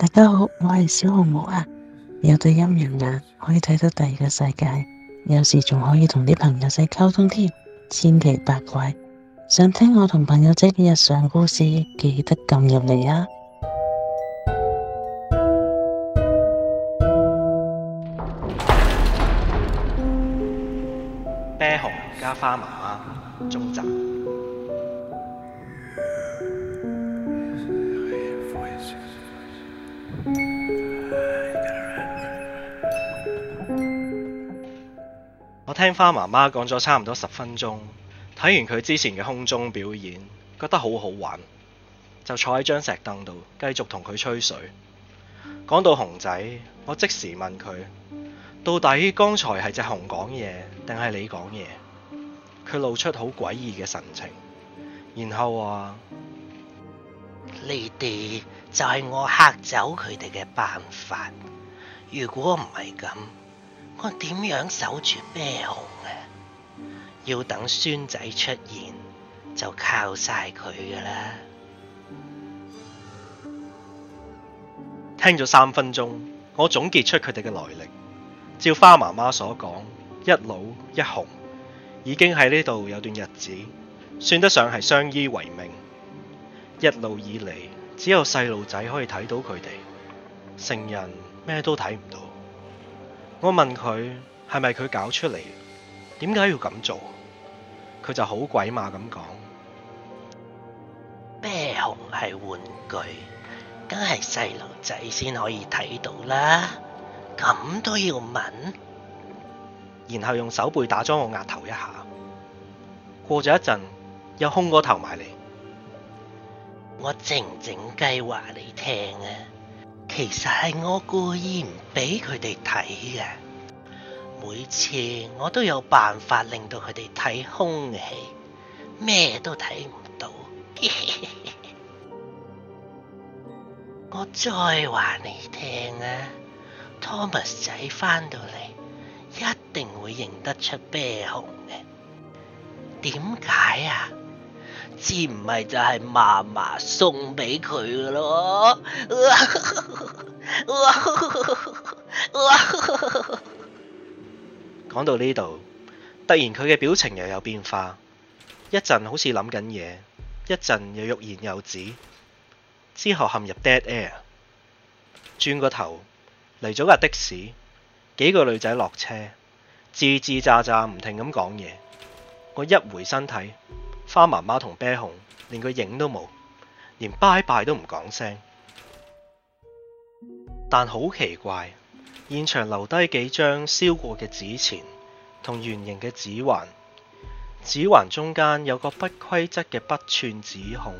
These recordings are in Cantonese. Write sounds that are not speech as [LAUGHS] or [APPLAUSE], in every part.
大家好，我係小紅帽啊，有對陰陽眼可以睇到第二個世界，有時仲可以同啲朋友仔溝通添，千奇百怪。想聽我同朋友仔嘅日常故事，記得撳入嚟啊！《啤熊加花媽媽啊》中集。我聽花媽媽講咗差唔多十分鐘，睇完佢之前嘅空中表演，覺得好好玩，就坐喺張石凳度，繼續同佢吹水。講到熊仔，我即時問佢：到底剛才係隻熊講嘢，定係你講嘢？佢露出好詭異嘅神情，然後話：呢啲就係我嚇走佢哋嘅辦法。如果唔係咁，我點樣守住啤熊嘅？要等孫仔出現，就靠晒佢㗎喇。聽咗三分鐘，我總結出佢哋嘅來歷。照花媽媽所講，一老一熊已經喺呢度有段日子，算得上係相依為命。一路以嚟，只有細路仔可以睇到佢哋，成人咩都睇唔到。我問佢係咪佢搞出嚟？點解要咁做？佢就好鬼馬咁講：啤熊係玩具，梗係細路仔先可以睇到啦，咁都要問？然後用手背打咗我額頭一下。過咗一陣，又哄個頭埋嚟，我靜靜雞話你聽啊！其實係我故意唔俾佢哋睇嘅，每次我都有辦法令到佢哋睇空氣，咩都睇唔到。 [LAUGHS] 我再話你聽啊，Thomas 仔翻到嚟，一定會認得出啤熊嘅，點解啊？之唔係就係嫲嫲送俾佢嘅咯。講 [LAUGHS] 到呢度，突然佢嘅表情又有變化，一陣好似諗緊嘢，一陣又欲言又止，之後陷入 dead air。轉個頭嚟咗架的士，幾個女仔落車，吱吱喳喳唔停咁講嘢。我一回身睇。花媽媽同啤熊，連個影都冇，連拜拜都唔講聲。但好奇怪，現場留低幾張燒過嘅紙錢同圓形嘅紙環，紙環中間有個不規則嘅筆串紙孔，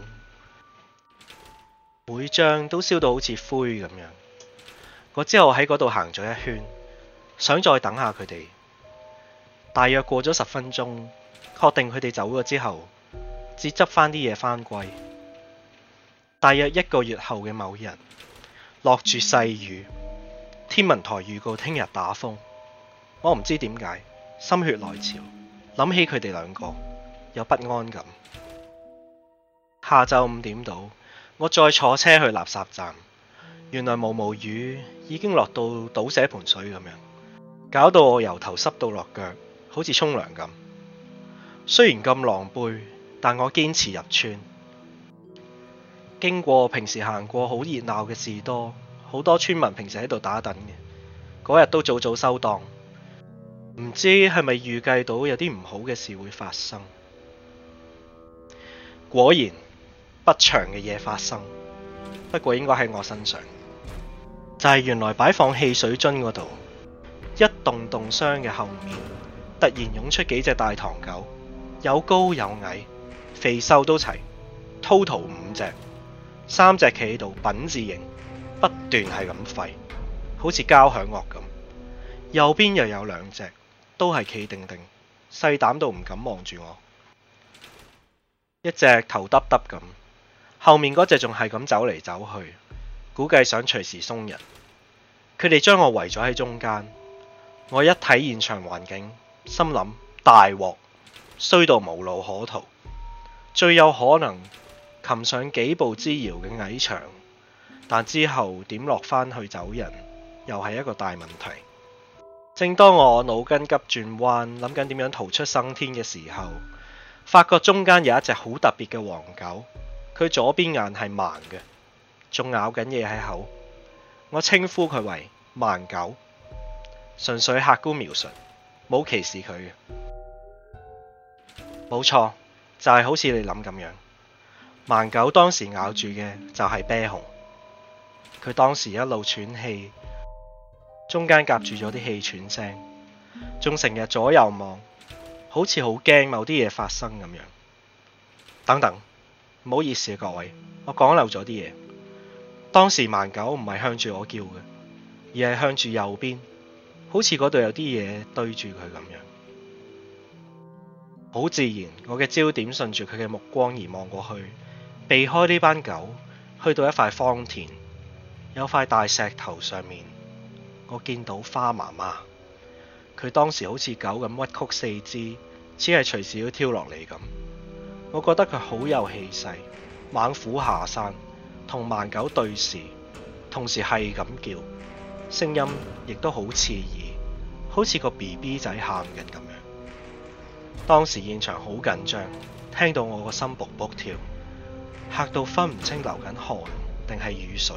每張都燒到好似灰咁樣。我之後喺嗰度行咗一圈，想再等下佢哋。大約過咗十分鐘，確定佢哋走咗之後。只執翻啲嘢返歸，大約一個月後嘅某日，落住細雨，天文台預告聽日打風。我唔知點解，心血來潮，諗起佢哋兩個，有不安感。下晝五點度，我再坐車去垃圾站，原來毛毛雨已經落到倒瀉盆水咁樣，搞到我由頭濕到落腳，好似沖涼咁。雖然咁狼狽，但我堅持入村，經過平時行過好熱鬧嘅士多，好多村民平時喺度打躉嘅，嗰日都早早收檔，唔知係咪預計到有啲唔好嘅事會發生。果然不祥嘅嘢發生，不過應該喺我身上，就係、是、原來擺放汽水樽嗰度，一棟棟箱嘅後面，突然湧出幾隻大唐狗，有高有矮。肥瘦都齊，total 五隻，三隻企喺度，品字形，不斷係咁吠，好似交響樂咁。右邊又有兩隻，都係企定定，細膽到唔敢望住我。一隻頭耷耷咁，後面嗰隻仲係咁走嚟走去，估計想隨時鬆人。佢哋將我圍咗喺中間，我一睇現場環境，心諗大鑊，衰到無路可逃。最有可能擒上幾步之遙嘅矮牆，但之後點落返去走人，又係一個大問題。正當我腦筋急轉彎，諗緊點樣逃出生天嘅時候，發覺中間有一隻好特別嘅黃狗，佢左邊眼係盲嘅，仲咬緊嘢喺口。我稱呼佢為盲狗，純粹客觀描述，冇歧視佢嘅，冇錯。但係好似你諗咁樣，盲狗當時咬住嘅就係啤熊，佢當時一路喘氣，中間夾住咗啲氣喘聲，仲成日左右望，好似好驚某啲嘢發生咁樣。等等，唔好意思啊，各位，我講漏咗啲嘢。當時盲狗唔係向住我叫嘅，而係向住右邊，好似嗰度有啲嘢對住佢咁樣。好自然，我嘅焦點順住佢嘅目光而望過去，避開呢班狗，去到一塊荒田，有塊大石頭上面，我見到花媽媽。佢當時好似狗咁屈曲四肢，似係隨時要跳落嚟咁。我覺得佢好有氣勢，猛虎下山，同盲狗對視，同時係咁叫，聲音亦都好刺耳，好似個 BB 仔喊緊咁樣。當時現場好緊張，聽到我個心卜卜跳，嚇到分唔清流緊汗定係雨水。